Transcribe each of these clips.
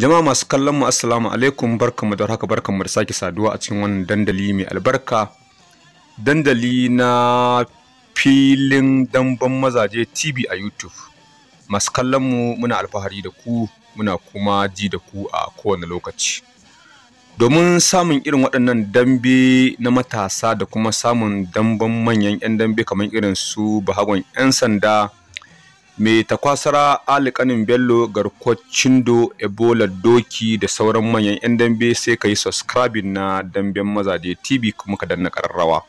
Jama'a masu kallon mu assalamu alaikum barkamu da haka barkamu da sake saduwa a cikin wannan dandali mai albarka. Dandali na filin damban mazaje TV a YouTube. Masu kallon mu muna alfahari da ku muna kuma ji da ku a kowane lokaci. Domin samun irin waɗannan dambe na matasa da kuma samun damban manyan 'yan dambe kamar irin su bahagon 'yan sanda mai takwasara ali kanin bello garkuwar cindo ebola doki da sauran manyan yan dambe sai ka yi subscribing na damben mazaje tv kuma ka danna kararrawa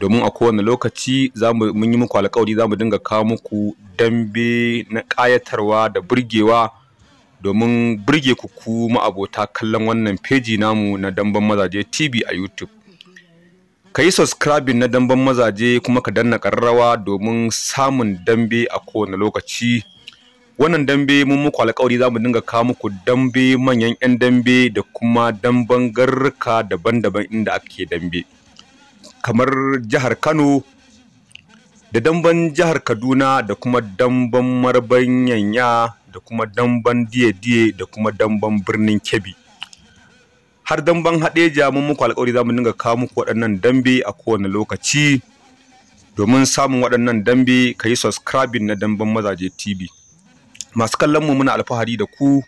domin a kowane lokaci mun yi muku alkawari za mu dinga kawo muku dambe na kayatarwa da burgewa domin burge ku ku ma'abota kallon wannan feji namu na damben mazaje tv a youtube ka yi subscribing na damben mazaje kuma ka danna ƙararrawa domin samun dambe a kowane lokaci wannan dambe mun muku alƙawari za mu dinga kawo muku dambe manyan 'yan dambe da kuma damben garurruka daban-daban inda ake dambe kamar jihar kano da damben jihar kaduna da kuma damben marban yanya da kuma damben diye-diye da kuma damben birnin kebbi har haɗe haɗeja mun muku alƙawari za mu dinga kawo muku waɗannan dambe a kowane lokaci domin samun waɗannan dambe ka yi subscribing na damben mazaje tv masu kallon mu muna alfahari da ku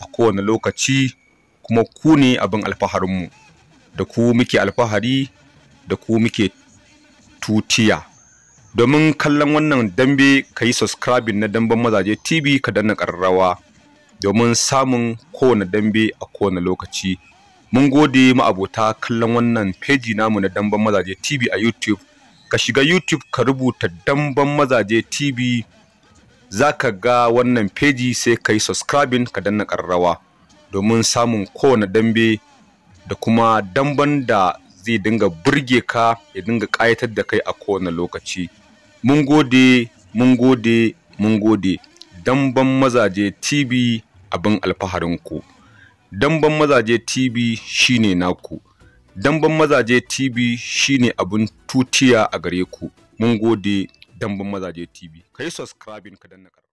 a kowane lokaci kuma ku ne abin alfaharinmu da ku muke alfahari da ku muke tutiya domin kallon wannan dambe ka yi subscribing na damben mazaje tv ka danna ƙararrawa domin samun kowane dambe a kowane lokaci mun gode ma'abota kallon wannan feji namu na damban mazaje tv a youtube ka shiga youtube ka rubuta damban mazaje tv za ka ga wannan feji sai ka yi subscribing ka danna ƙararrawa domin samun kowane dambe da kuma damban da zai dinga burge ka ya dinga ƙayatar da kai a kowane lokaci mun gode mun gode mun gode damban mazaje tv abin alfaharin ku. Damban Mazaje TV shine naku. Damban Mazaje TV shine abun tutiya a gare ku. Mun gode Damban Mazaje TV. Kai subscribing ka danna